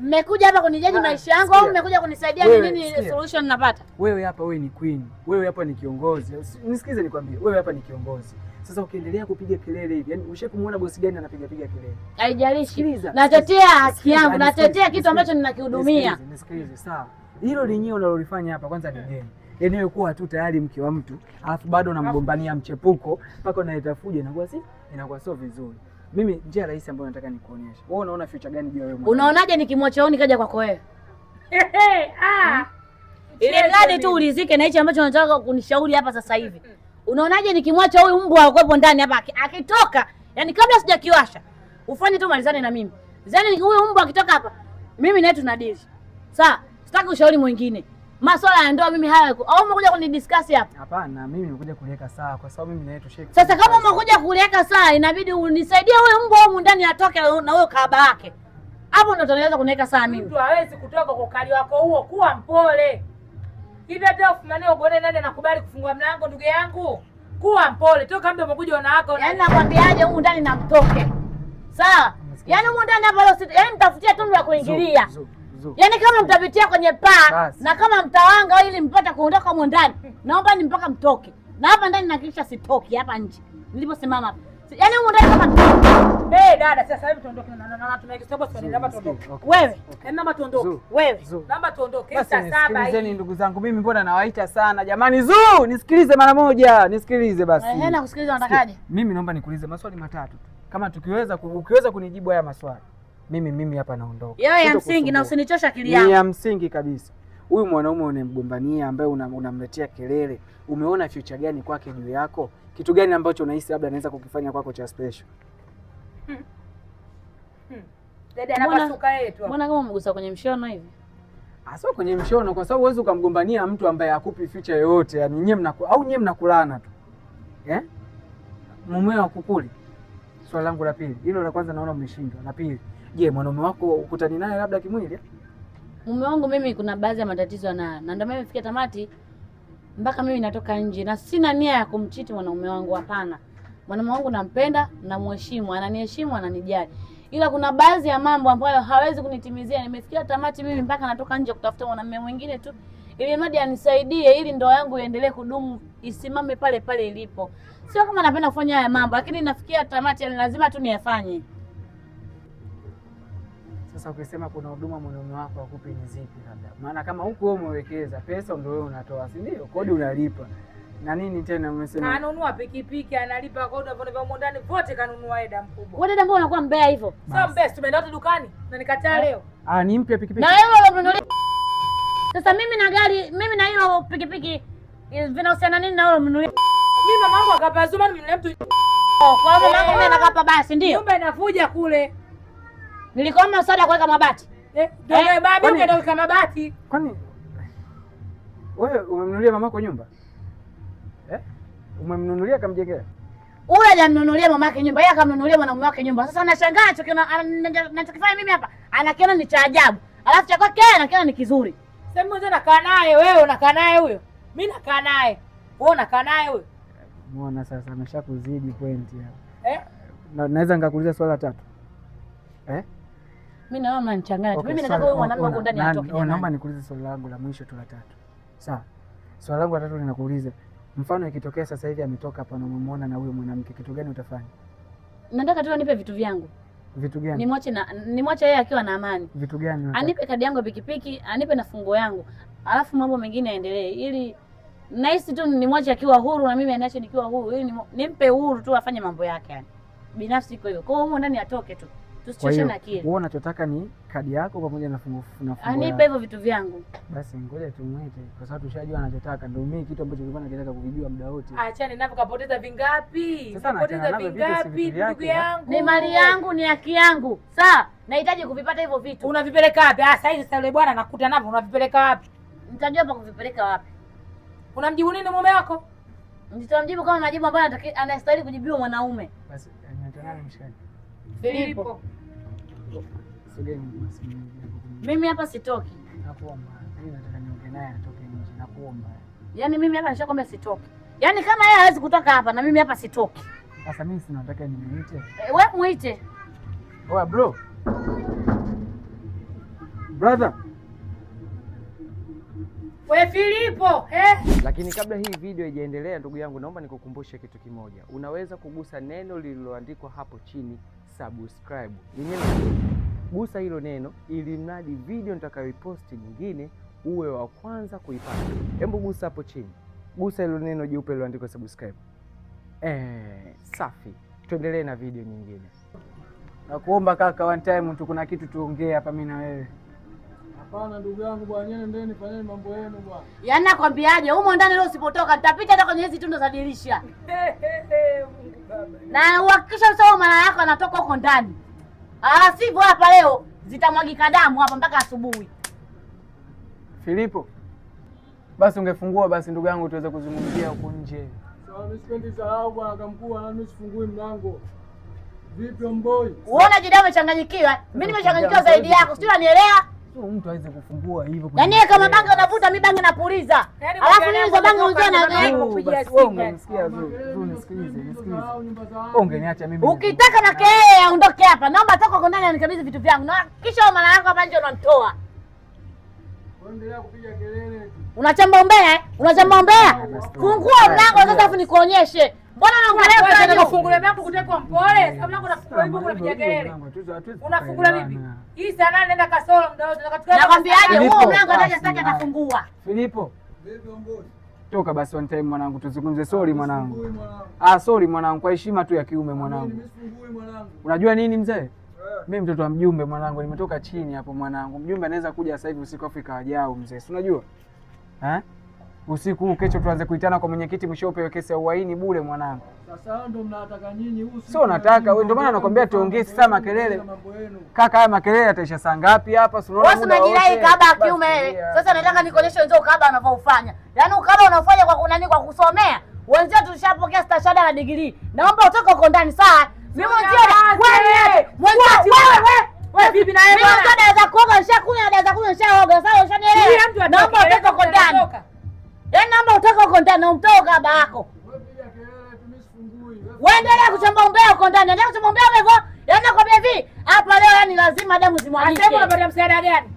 Mmekuja hapa kunijaji maisha yangu au mmekuja kunisaidia ni nini solution napata? Wewe hapa wewe ni queen. Wewe hapa ni kiongozi. Nisikize nikwambie, wewe hapa ni kiongozi. Sasa ukiendelea kupiga kelele hivi, yani ushakumuona bosi gani anapiga piga kelele? Haijalishi. Natetea haki yangu, natetea kitu ambacho ninakihudumia. Nisikize, sawa. Hilo lenyewe unalolifanya hapa kwanza ni geni. Eneo kuwa tu tayari mke wa mtu, alafu bado unamgombania mchepuko mpaka unaitafuja inakuwa si inakuwa sio vizuri. Mimi njia rahisi ambayo nataka nikuonyeshe. Wewe unaona future gani juu ya wewe? Unaonaje nikimwacha wewe nikaja kwako wewe? Ah. Hmm? Ile gadi tu ulizike na hicho ambacho unataka kunishauri hapa sasa hivi. Hmm, hmm. Unaonaje nikimwacha huyu mbwa akwepo ndani hapa akitoka? Yaani kabla sijakiwasha, ufanye tu malizane na mimi. Zani huyu mbwa akitoka hapa, mimi tuna deal. Sawa, sitaki ushauri mwingine. Masuala ya ndoa mimi hayako. au umekuja kunidiscuss hapa? Hapana, mimi nimekuja kuliweka sawa kwa sababu mimi naitwa Sheikh. Sasa kama umekuja kuliweka sawa, inabidi unisaidie huyo mbwa huyo ndani atoke na huyo kaaba yake. Hapo ndo tunaweza kuniweka sawa mimi. Mtu hawezi kutoka kwa ukali wako huo, kuwa mpole. Hivi hata ufumane ugone nani anakubali kufungua mlango ndugu yangu? Kuwa mpole. Toka mtu umekuja na wako. Yaani nakwambiaje huyo ndani namtoke. Sawa? Yaani huyo ndani hapa leo, yaani nitafutia tundu la kuingilia. Zuh, zuh. Yaani kama mtapitia kwenye paa na kama mtawanga ili mpate kuondoka huko ndani, naomba ni mpaka mtoke. Na hapa ndani nahakikisha sitoki hapa nje. Niliposimama hapa. Yaani huko ndani kama Eh, hey, dada sasa hivi tuondoke na na na tunaelekea sababu sasa yaani namba tuondoke. Wewe, namba tuondoke. Wewe, namba tuondoke saa saba. hii. Sikilizeni ndugu zangu, mimi mbona nawaita sana jamani. Zuu, nisikilize mara moja, nisikilize basi. Eh, na kusikiliza unatakaje? Mimi naomba nikuulize maswali matatu. Kama tukiweza ukiweza kunijibu haya maswali mimi mimi hapa naondoka. Yeye ya msingi na usinichosha akili yangu. Ni ya msingi kabisa. Huyu mwanaume unamgombania ambaye unamletea kelele, umeona future gani kwake juu yako? Kitu gani ambacho unahisi labda anaweza kukifanya kwako cha special? Hmm. Hmm. anapasuka Mbona kama umgusa kwenye mshono hivi? Hasa kwenye mshono kwa sababu huwezi ukamgombania mtu ambaye hakupi future yoyote. Yaani nyewe mnaku au nyewe mnakulana tu. Eh? Mume wa kukuli. Swali langu la pili. Hilo la kwanza naona umeshindwa. La pili. Je, mwanaume wako ukutani naye labda kimwili? Mume wangu mimi kuna baadhi ya matatizo anayo, na ndio maana imefikia tamati mpaka mimi natoka nje, na sina nia ya kumchiti mwanaume wangu, hapana. Mwanaume wangu nampenda, namheshimu, ananiheshimu, ananijali, ila kuna baadhi ya mambo ambayo hawezi kunitimizia. Nimefikia tamati mimi mpaka natoka nje kutafuta mwanaume mwingine tu, ili mradi anisaidie, ili ndoa yangu iendelee kudumu, isimame pale pale ilipo. Sio kama napenda kufanya haya mambo, lakini nafikia tamati, lazima tu niyafanye sasa ukisema kuna huduma mwanaume wako akupe ni zipi? Labda maana kama huko wewe umewekeza pesa, ndio wewe unatoa, si ndio? Kodi unalipa na nini tena? Umesema kanunua pikipiki, analipa kodi, hapo huko ndani vote kanunua. Eda mkubwa wewe, dada, mbona unakuwa mbea hivyo? Sio mbea, tumeenda wote dukani na nikataa eh? leo. Ah, ni mpya pikipiki na wewe. Sasa mimi na gari mimi na hiyo pikipiki eh, vinahusiana nini na wewe mnunulia? Mimi mama yangu akapazuma, mimi mtu kwa mama eh. mimi nakapa basi, ndio nyumba inavuja kule Nilikuomba msaada kuweka mabati. Eh, ndio eh, babu kuweka mabati. Kwani wewe umemnunulia mamako nyumba? Eh? Umemnunulia kamjengea? Huyu mama mamake nyumba, yeye akamnunulia mwanamume wake nyumba. Sasa nashangaa nachokifanya mimi hapa, anakiona ni cha ajabu. Alafu cha kwake anakiona ni kizuri. Sema mzee nakaa naye wewe, unakaa naye huyo. Mimi nakaa naye. Wewe unakaa naye huyo. Muona sasa ameshakuzidi pointi hapa. Eh? Na naweza ngakuuliza swali la tatu. Eh? Mimi naona mnanichanganya. Mimi nataka wewe mwanangu wangu ndani atoke. Oh, naomba nikuulize swali langu la mwisho tu la tatu. Sawa. Swali langu la tatu ninakuuliza. Mfano ikitokea sasa hivi ametoka hapa na umemwona na huyo mwanamke, kitu gani utafanya? Nataka tu anipe vitu vyangu. Vitu gani? Nimwache na nimwache yeye akiwa na amani. Vitu gani? Anipe kadi yangu ya pikipiki, anipe na funguo yangu. Alafu mambo mengine yaendelee ili nahisi tu nimwache akiwa huru na mimi aniache nikiwa huru. Ili nimpe uhuru tu afanye mambo yake yani. Binafsi iko hivyo. Kwa hiyo huko ndani atoke tu. Kwa hiyo wewe unachotaka ni kadi yako pamoja na fungu na fungu. Anipe hivyo vitu vyangu. Basi ngoja tumwite kwa sababu tushajua anachotaka. Ndio mimi kitu ambacho nilikuwa nataka kuvijua muda wote. Achane navyo, kapoteza vingapi? Kapoteza vingapi ndugu yangu? Ni mali yangu, ni haki yangu. Sawa? Nahitaji kuvipata hivyo vitu. Unavipeleka wapi? Ah, sasa hivi sasa yule bwana nakuta navyo unavipeleka wapi? Nitajua pa kuvipeleka wapi. Unamjibu nini mume wako? Nitamjibu kama majibu ambayo anastahili kujibiwa mwanaume. Basi, eh, mshikaji. Filipo. Mimi hapa sitoki. Yaani mimi hapa nishakwambia sitoki. Yaani kama yeye hawezi kutoka hapa na mimi hapa sitoki. Sasa mimi si nataka nimuite. wewe eh, muite. Oa bro. Brother. We Filipo, eh? Lakini kabla hii video ijaendelea, ndugu yangu, naomba nikukumbushe kitu kimoja. Unaweza kugusa neno lililoandikwa hapo chini subscribe yenyewe, gusa hilo neno ili mradi video nitakayoiposti nyingine uwe wa kwanza kuipata. Hebu gusa hapo chini, gusa hilo neno jeupe liloandikwa subscribe. Eh, safi, tuendelee na video nyingine. Nakuomba kaka, one time tu kuna kitu tuongee hapa mimi na wewe. Hapana ndugu yangu bwana, nyenye ndeni fanyeni mambo yenu bwana. Yaani nakwambiaje, humo ndani leo usipotoka nitapita hata kwenye hizi tundo za dirisha. Na uhakikisha usao mara yako anatoka huko ndani. Ah, sivyo hapa leo zitamwagika damu hapa mpaka asubuhi. Filipo. Basi ungefungua basi ndugu yangu tuweze kuzungumzia huko nje. Sawa, nisipendi sahau bwana kamkuu na mimi sifungui mlango. Vipi mboi? Uona jidamu changanyikiwa? Mimi nimechanganyikiwa zaidi yako. Sio, unanielewa? Sio mtu aweze kufungua hivyo. Yaani kama bange unavuta yaani mimi bangi napuliza. Alafu mimi hizo bangi unzia na Ungeniacha mimi. Ukitaka na kee aondoke hapa. Naomba toka kwa ndani anikabidhi vitu vyangu. Na kisha mara yako hapa nje unamtoa. Endelea kupiga kelele. Unachamba umbea? Eh? Unachamba umbea? Fungua mlango sasa afu nikuonyeshe. Mbona unaongelea kwa kufungula mlango kutekwa mpole? Sababu mlango unafunguliwa kuna vijegelele. Unafungula vipi? Hii sana nenda kasoro muda wote. Nakwambiaje huo mlango ataje sasa atafungua. Filipo. Toka basi one time mwanangu tuzungumze. Sorry mwanangu. Ah, sorry mwanangu kwa heshima tu ya kiume mwanangu. Unajua nini mzee? Eh. Mimi mtoto wa mjumbe mwanangu, nimetoka chini hapo mwanangu. Mjumbe anaweza kuja sasa hivi usiku afu ikawajao mzee. Si unajua? Eh? usiku huu kesho tuanze kuitana kwa mwenyekiti, mwisho upewe kesi ya uhaini bure mwanangu. Sasa ndo mnataka nyinyi usiku. Sio nataka wewe, ndio maana nakwambia tuongee sasa makelele. Kaka, haya makelele ataisha saa ngapi hapa? Si unaona wewe wote. kaba kiume wewe. Sasa nataka nikuoneshe wenzao kaba anavyofanya. Yaani ukaba unafanya kwa kunani kwa kusomea. Wenzao tulishapokea stashada na degree. Naomba utoke huko ndani sawa? Mimi wewe wewe wewe vipi na yeye. Mimi ndo naweza kuoga nishakunywa, naweza kunywa nishaoga. Sasa ushanielewa. Naomba utoke huko ndani. Yaani naomba utoke uko ndani, na umtoe baba yako. Waendelea endelea kuchamba umbea uko ndani, endelea yaani kuchamba umbea hivyo. Yaani nakwambia hivi, hapa leo yani lazima damu zimwagike. Anasema unapata msaada gani?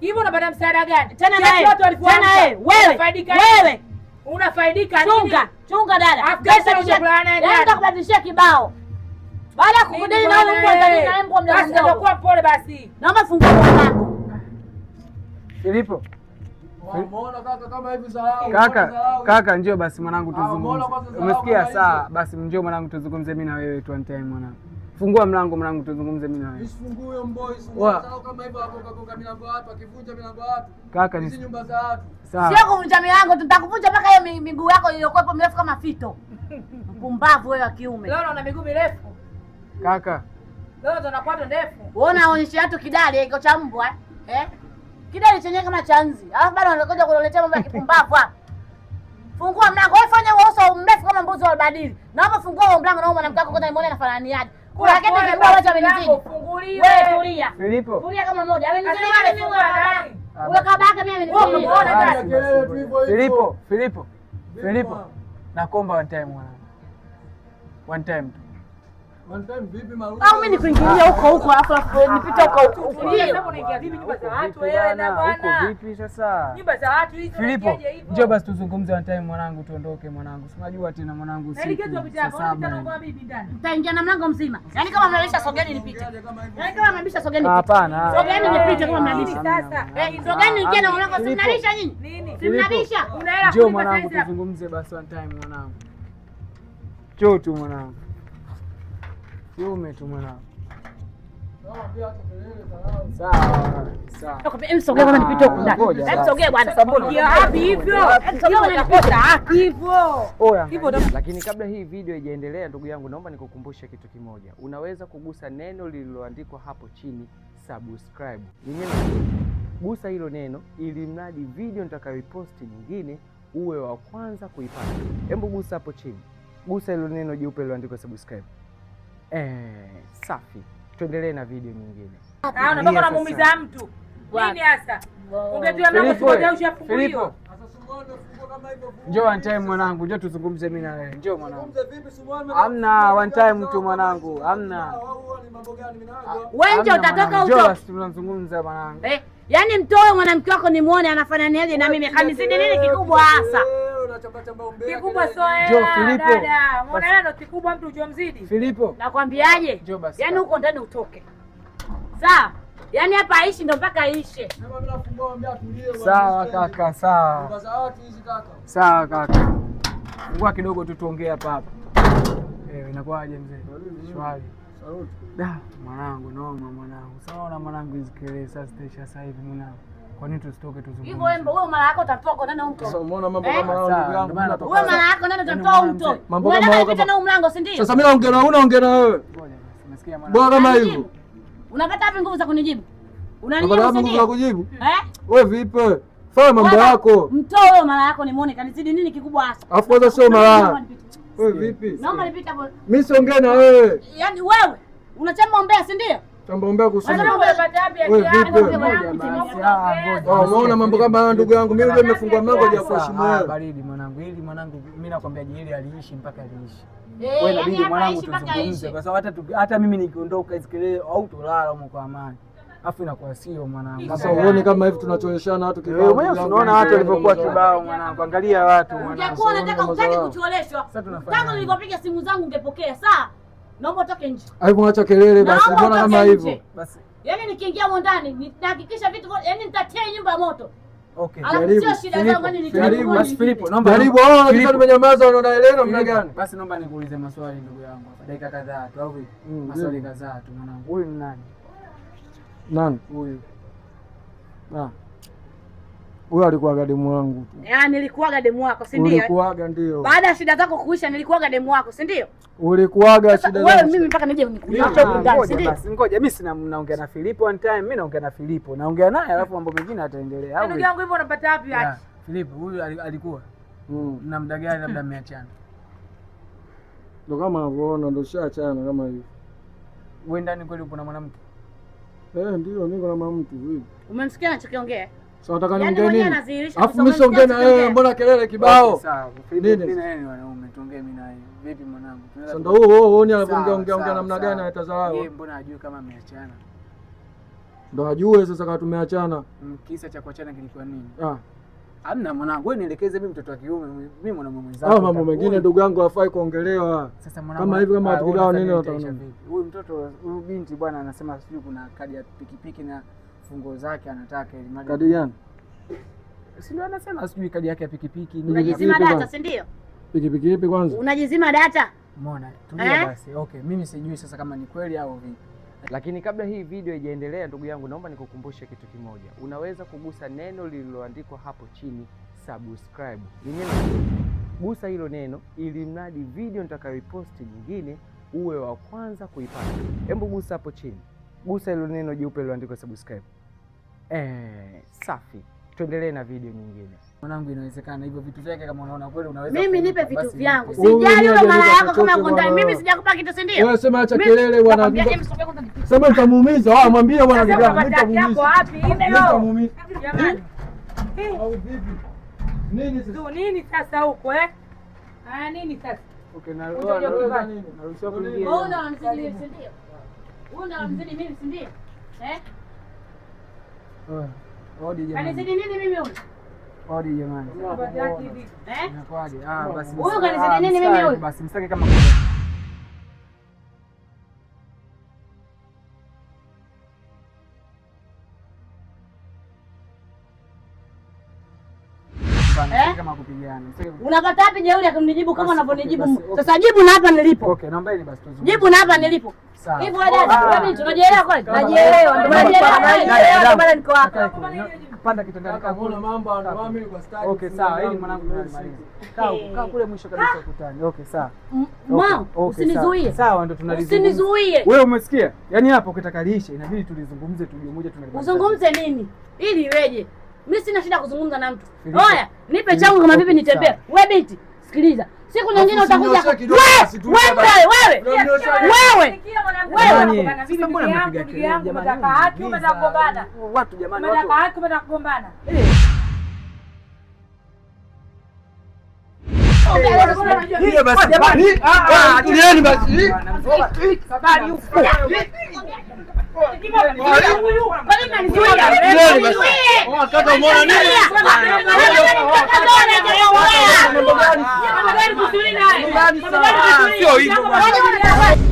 Hivyo unapata msaada gani? Tena na wewe. Tena wewe, wewe. Unafaidika nini? Chunga, chunga dada. Pesa unakula nani? Yaani nitakubadilishia kibao. Baada ya kukudili na wewe mbwa ndani na mbwa mdogo. Basi ndio pole basi. Naomba fungua mlango. Silipo. Kaka, kaka njoo basi mwanangu, ah, tuzungumze. Umesikia? Saa basi, njoo mwanangu, tuzungumze mimi na wewe tu one time mwanangu. Fungua mlango mwanangu, tuzungumze mimi na wewe. Kaka, hizi nyumba za watu. Sio kuvunja milango, tutakuvunja mpaka hiyo miguu yako iliyokuwepo mirefu kama fito. Mpumbavu wewe wa kiume. Leo una miguu mirefu. Kaka. Leo unapata ndefu. Wewe unaonyesha watu kidali iko cha mbwa eh? kidole chenyewe kama chanzi, alafu bado anakuja kuletea mambo ya kipumbavu hapa. Fungua mlango wewe, fanya uso mrefu kama mbuzi wa badili, na hapo fungua huo mlango, na mwanamke wako kwanza falani anafananiaje. Kuna kitu kibaya wacha amenizidi. Wewe tulia, nilipo tulia kama moja, yaani amenizidi mimi mwanadamu. Wewe kaba yake mimi amenizidi. Filipo, Filipo, Filipo, nakomba one time mwanangu, one time au mimi nikuingilia huko huko, alafu nipita huko huko. Vipi sasa, Filipo? Njoo basi tuzungumze one time, mwanangu, tuondoke mwanangu. Unajua tena mwanangu, mtaingia na mlango mzima. Yaani kama mnalisha, sogeni nipite. Yaani kama mnabisha, sogeni nipite. Hapana, sogeni nipite kama mnabisha. Sasa eh, sogeni, ingia na mlango. Simnalisha nyinyi, simnalisha. Njoo mwanangu, tuzungumze basi one time mwanangu. Njoo tu mwanangu kiume tu mwanangu. Lakini kabla hii video ijaendelea, ndugu yangu, naomba nikukumbushe kitu kimoja. Unaweza kugusa neno lililoandikwa hapo chini subscribe, gusa hilo neno, ili mradi video nitakayoiposti nyingine uwe wa kwanza kuipata. Hebu gusa hapo chini, gusa hilo neno jeupe liloandikwa subscribe. Eh, safi. Tuendelee na video nyingine. Ah, unataka kumuumiza mtu. Nini hasa? Njoo one time mwanangu, njoo tuzungumze mimi na wewe. Njoo mwanangu. Hamna one time tu mwanangu, amna Wewe njoo utatoka utoke. Tunazungumza mwanangu. Eh, yaani mtoe mwanamke wako nimuone anafanya nini na mimi. Kanizidi nini kikubwa hasa? kikubwa sio hela dada, mbona hela ndo kikubwa, mtu ujomzidi Filipo, nakwambiaje? Yaani huko ndani utoke, saa Yaani hapa aishi ndo mpaka aishe. Sawa kaka, sawa sawa kaka, fungua kidogo tu tuongee hapa hapa. Eh, inakuwaje mzee? Shwari mwanangu, noma mwanangu, sawa na mwanangu, izikilee sasa hivi mwanangu kwa nini tusitoke tuzungumze? Hivyo wewe eh? mara yako nani Sasa yaani umeona mambo kama hayo ndugu yangu. Wewe mara yako nani utatoa Mambo kama hayo kama mlango si ndio? Sasa mimi naongea na unaongea na wewe. Bora kama hivyo. wapi nguvu za kunijibu? Unanijibu sasa. Nguvu za kujibu? Eh? Wewe vipi? Fanya mambo yako. Mtoa wewe mara yako nimuone kanizidi nini kikubwa hasa? Alafu kwanza sio mara. Wewe vipi? Naomba nipita hapo. Mimi siongee na wewe. Yaani wewe unachema ombea si ndio? Ah, umeona mambo kama haya, ndugu yangu, mimi ndio nimefungua mlango ya kuheshimu wewe. Baridi mwanangu, hili mwanangu, mimi nakwambia jili aliishi mpaka aliishi eh, wewe, inabidi mwanangu tuzungumze, kwa sababu hata mimi nikiondoka hizo au tulala huko kwa amani Afu inakuwa sio mwanangu. Sasa uone kama hivi tunachoeshana watu kibao. Eh, wewe unaona watu walivyokuwa kibao mwanangu. Angalia watu mwanangu. Ungekuwa unataka utaki kucholeshwa. Tangu nilipopiga simu zangu ungepokea saa naomba utoke nje. Hebu acha kelele basi, mbona kama hivyo basi. Yaani nikiingia huko ndani nitahakikisha vitu yaani nitatia nyumba moto. Okay. Jaribu. Yaani jaribu basi Filipo. Naomba. Jaribu. Oh, ndio nimenyamaza unaona Elena mna gani? Basi naomba nikuulize maswali ndugu yangu. Dakika kadhaa tu au vipi? Mm, maswali kadhaa tu mwanangu. Huyu ni nani? Nani? Huyu. Ah. Wewe alikuwaga demu wangu tu. Ah, nilikuwaga demu wako, si ndio? Ulikuwaga ndio. Baada ya shida zako kuisha nilikuwaga demu wako, si ndio? Ulikuwaga shida zako. Wewe mimi mpaka nije nikunyoshe ndani, Basi ngoja, mimi sina naongea na Filipo one time, mimi naongea na Filipo. Naongea naye alafu mambo mengine yataendelea. Ndugu yangu hivyo unapata wapi achi? Filipo huyu alikuwa. Mm. Na muda gani labda mmeachana? Ndio kama unavyoona ndio shaachana kama hivi. Wewe ndani kweli upo na mwanamke? Eh, ndio niko na mwanamke hivi. Umemsikia anachokiongea? Sasa unataka yaani niongee nini? Alafu mimi sio siongee na wewe, eh, mbona kelele kibao? Nini? Vipi mwanangu? Sasa ndio huo huo ni anaongea ongea ongea namna gani na anatazarau. Yeye mbona ajue kama ameachana? Ndio ajue sasa kama tumeachana. Mm, kisa cha kuachana kilikuwa nini? Ah. Hamna mwanangu, wewe nielekeze mimi mtoto wa kiume, mimi mwanaume mwenzako. Ah, mambo mengine ndugu yangu hafai kuongelewa. Sasa mwanangu, kama hivi kama ah, atukidao nini wataona. Huyu mtoto huyu binti bwana anasema sijui kuna kadi ya pikipiki na funguo zake anataka ili kadi gani? Si ndio anasema sijui kadi yake ya pikipiki. Unajizima data, si ndio? Pikipiki ipi kwanza? Unajizima data. Umeona? Tulia eh? basi. Okay, mimi sijui sasa kama ni kweli au vipi. Lakini kabla hii video ijaendelea, ndugu yangu, naomba nikukumbushe kitu kimoja. Unaweza kugusa neno lililoandikwa hapo chini subscribe, yenyewe gusa hilo neno, ili mradi video nitakayoiposti nyingine uwe wa kwanza kuipata. Hebu gusa hapo chini, gusa hilo neno jeupe lililoandikwa subscribe. Eh, safi. Tuendelee na video nyingine. Mwanangu, inawezekana hivyo vitu vyake kama unaona kweli unaweza. Mimi nipe vitu vyangu. Sijali wewe mara yako kama uko ndani. Mimi sijakupa kitu si ndio? Wewe sema acha kelele bwana. Sema nitamuumiza. Ah, mwambie bwana kijana nitamuumiza. Yako wapi? leo. Jamani. Au vipi? Nini sasa? Tu Nini sasa huko eh? Ah, nini sasa? Okay, na wewe nini? Naruhusiwa kuingia. Wewe unamzidi mimi si ndio? Mm. Wewe unamzidi mimi si ndio? Eh? Kanizidi nini mimi huyu? Odi jamani. Huyu eh? ah, kanizidi nini mimi ah, huyu? Basi msitaki kama Unapata wapi jeuri akinijibu kama unavyonijibu sasa? Jibu na hapa nilipo, jibu na hapa nilipo. Hivyo dada, ah. tunajielewa kweli? Najielewa, niko hapa panda kitandani kule mwisho kabisa ukutani. Okay, sawa. Mama, usinizuie. Sawa, ndo tunalizungumza. Usinizuie. Wewe umesikia? Yaani hapo ukitaka liishe inabidi tulizungumze tujue moja tunalizungumza. Uzungumze nini? Ili iweje? Mimi sina shida kuzungumza na mtu. Oya, nipe changu kama vipi nitembee. Wewe binti, sikiliza. Siku nyingine utakuja. Wewe, wewe, wewe. Watu jamani, watu. Kugombana. Sio hivyo.